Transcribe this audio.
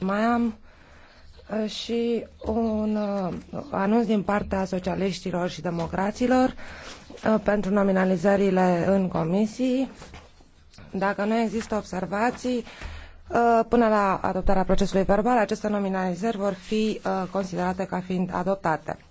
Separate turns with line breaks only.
Mai am uh, și un uh, anunț din partea socialiștilor și democraților uh, pentru nominalizările în comisii. Dacă nu există observații, până la adoptarea procesului verbal, aceste nominalizări vor fi considerate ca fiind adoptate.